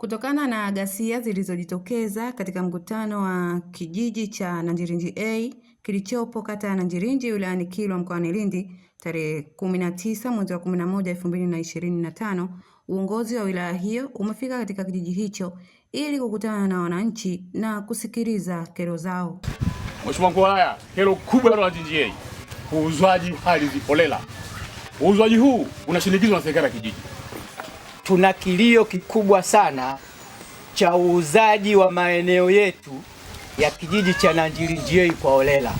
Kutokana na ghasia zilizojitokeza katika mkutano wa kijiji cha Nanjirinji A kilichopo kata ya Nanjirinji wilayani Kilwa mkoani Lindi tarehe 19 mwezi wa 11 2025, uongozi wa wilaya hiyo umefika katika kijiji hicho ili kukutana na wananchi na kusikiliza kero zao. Mheshimiwa Mkuu wa Wilaya, kero kubwa la Nanjirinji A uuzwaji ardhi holela. Uuzwaji huu unashinikizwa na serikali ya kijiji tuna kilio kikubwa sana cha uuzaji wa maeneo yetu ya kijiji cha Nanjirinjiei kwa holela.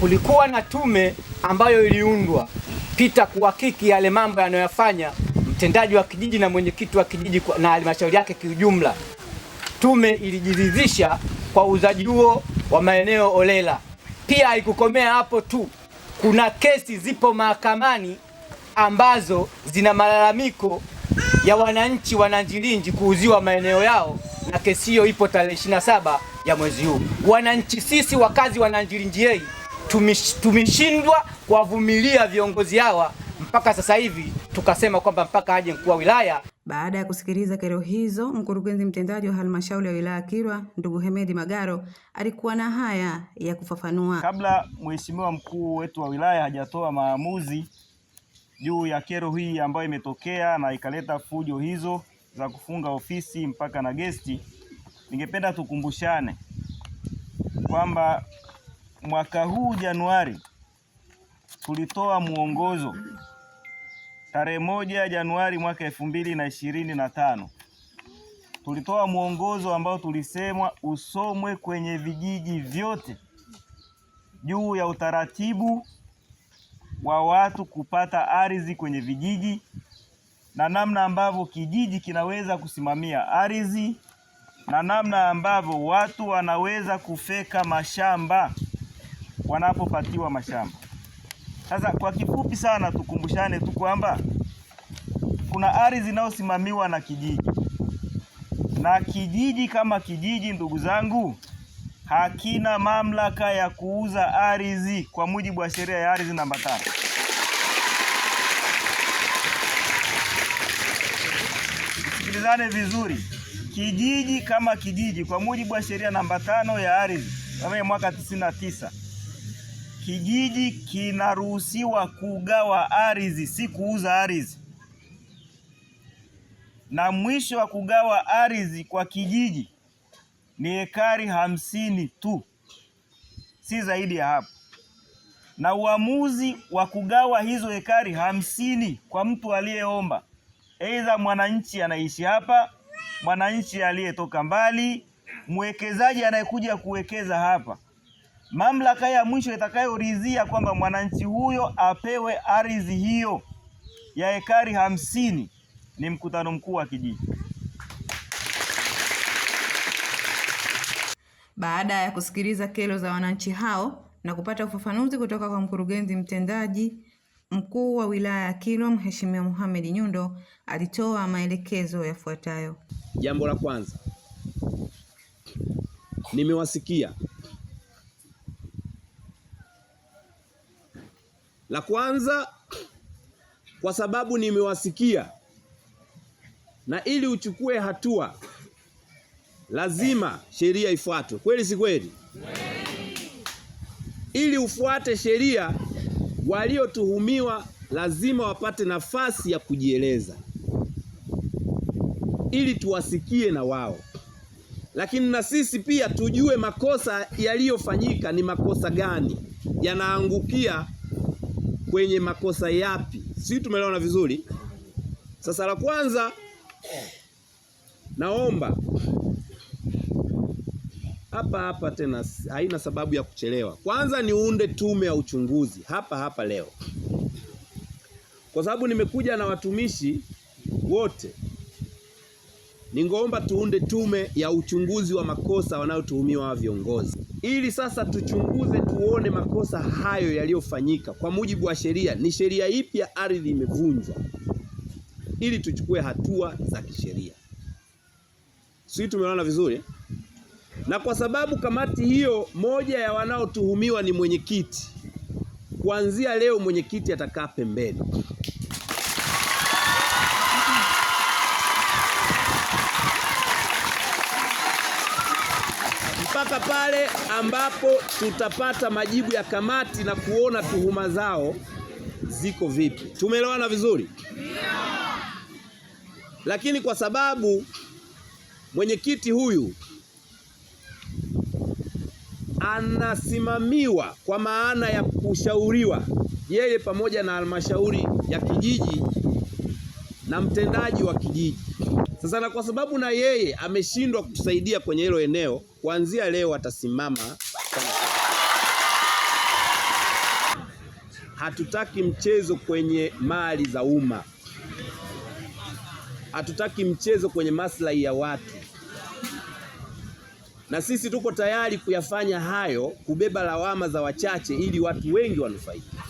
Kulikuwa na tume ambayo iliundwa pita kuhakiki yale mambo yanayoyafanya mtendaji wa kijiji na mwenyekiti wa kijiji na halmashauri yake kiujumla. Tume ilijiridhisha kwa uuzaji huo wa maeneo holela. Pia haikukomea hapo tu, kuna kesi zipo mahakamani ambazo zina malalamiko ya wananchi wa Nanjirinji kuuziwa maeneo yao, na kesi hiyo ipo tarehe 27 ya mwezi huu. Wananchi sisi wakazi wa Nanjirinji yei tumeshindwa kuwavumilia viongozi hawa mpaka sasa hivi tukasema kwamba mpaka aje mkuu wa wilaya. Baada ya kusikiliza kero hizo, mkurugenzi mtendaji wa halmashauri ya wilaya Kilwa ndugu Hemedi Magaro alikuwa na haya ya kufafanua. Kabla mheshimiwa mkuu wetu wa wilaya hajatoa maamuzi juu ya kero hii ambayo imetokea na ikaleta fujo hizo za kufunga ofisi mpaka na gesti, ningependa tukumbushane kwamba mwaka huu Januari tulitoa mwongozo tarehe moja Januari mwaka elfu mbili na ishirini na tano tulitoa mwongozo ambao tulisemwa usomwe kwenye vijiji vyote juu ya utaratibu wa watu kupata ardhi kwenye vijiji na namna ambavyo kijiji kinaweza kusimamia ardhi na namna ambavyo watu wanaweza kufeka mashamba wanapopatiwa mashamba. Sasa kwa kifupi sana, tukumbushane tu kwamba kuna ardhi inayosimamiwa na kijiji, na kijiji kama kijiji, ndugu zangu hakina mamlaka ya kuuza ardhi kwa mujibu wa sheria ya ardhi namba tano. Sikilizane vizuri. Kijiji kama kijiji kwa mujibu wa sheria namba tano ya ardhi ya mwaka 99 kijiji kinaruhusiwa kugawa ardhi, si kuuza ardhi. Na mwisho wa kugawa ardhi kwa kijiji ni ekari hamsini tu, si zaidi ya hapo, na uamuzi wa kugawa hizo ekari hamsini kwa mtu aliyeomba, aidha mwananchi anaishi hapa, mwananchi aliyetoka mbali, mwekezaji anayekuja kuwekeza hapa, mamlaka ya mwisho itakayoridhia kwamba mwananchi huyo apewe ardhi hiyo ya ekari hamsini ni mkutano mkuu wa kijiji. Baada ya kusikiliza kero za wananchi hao na kupata ufafanuzi kutoka kwa mkurugenzi mtendaji mkuu wa wilaya ya Kilwa Mheshimiwa Mohamed Nyundo alitoa maelekezo yafuatayo. Jambo la kwanza, nimewasikia. La kwanza, kwa sababu nimewasikia, na ili uchukue hatua lazima sheria ifuatwe, kweli si kweli? Ili ufuate sheria, waliotuhumiwa lazima wapate nafasi ya kujieleza ili tuwasikie na wao, lakini na sisi pia tujue makosa yaliyofanyika ni makosa gani, yanaangukia kwenye makosa yapi. Si tumeelewana vizuri? Sasa la kwanza, naomba hapa hapa tena, haina sababu ya kuchelewa. Kwanza niunde tume ya uchunguzi hapa hapa leo, kwa sababu nimekuja na watumishi wote. Ningeomba tuunde tume ya uchunguzi wa makosa wanayotuhumiwa viongozi, ili sasa tuchunguze, tuone makosa hayo yaliyofanyika kwa mujibu wa sheria, ni sheria ipi ya ardhi imevunjwa, ili tuchukue hatua za kisheria. Sisi tumeona vizuri. Na kwa sababu kamati hiyo moja ya wanaotuhumiwa ni mwenyekiti, kuanzia leo mwenyekiti atakaa pembeni. Mpaka pale ambapo tutapata majibu ya kamati na kuona tuhuma zao ziko vipi. Tumeelewana vizuri? Lakini kwa sababu mwenyekiti huyu anasimamiwa kwa maana ya kushauriwa yeye pamoja na halmashauri ya kijiji na mtendaji wa kijiji. Sasa na kwa sababu na yeye ameshindwa kutusaidia kwenye hilo eneo, kuanzia leo atasimama. Hatutaki mchezo kwenye mali za umma, hatutaki mchezo kwenye maslahi ya watu na sisi tuko tayari kuyafanya hayo, kubeba lawama za wachache ili watu wengi wanufaike.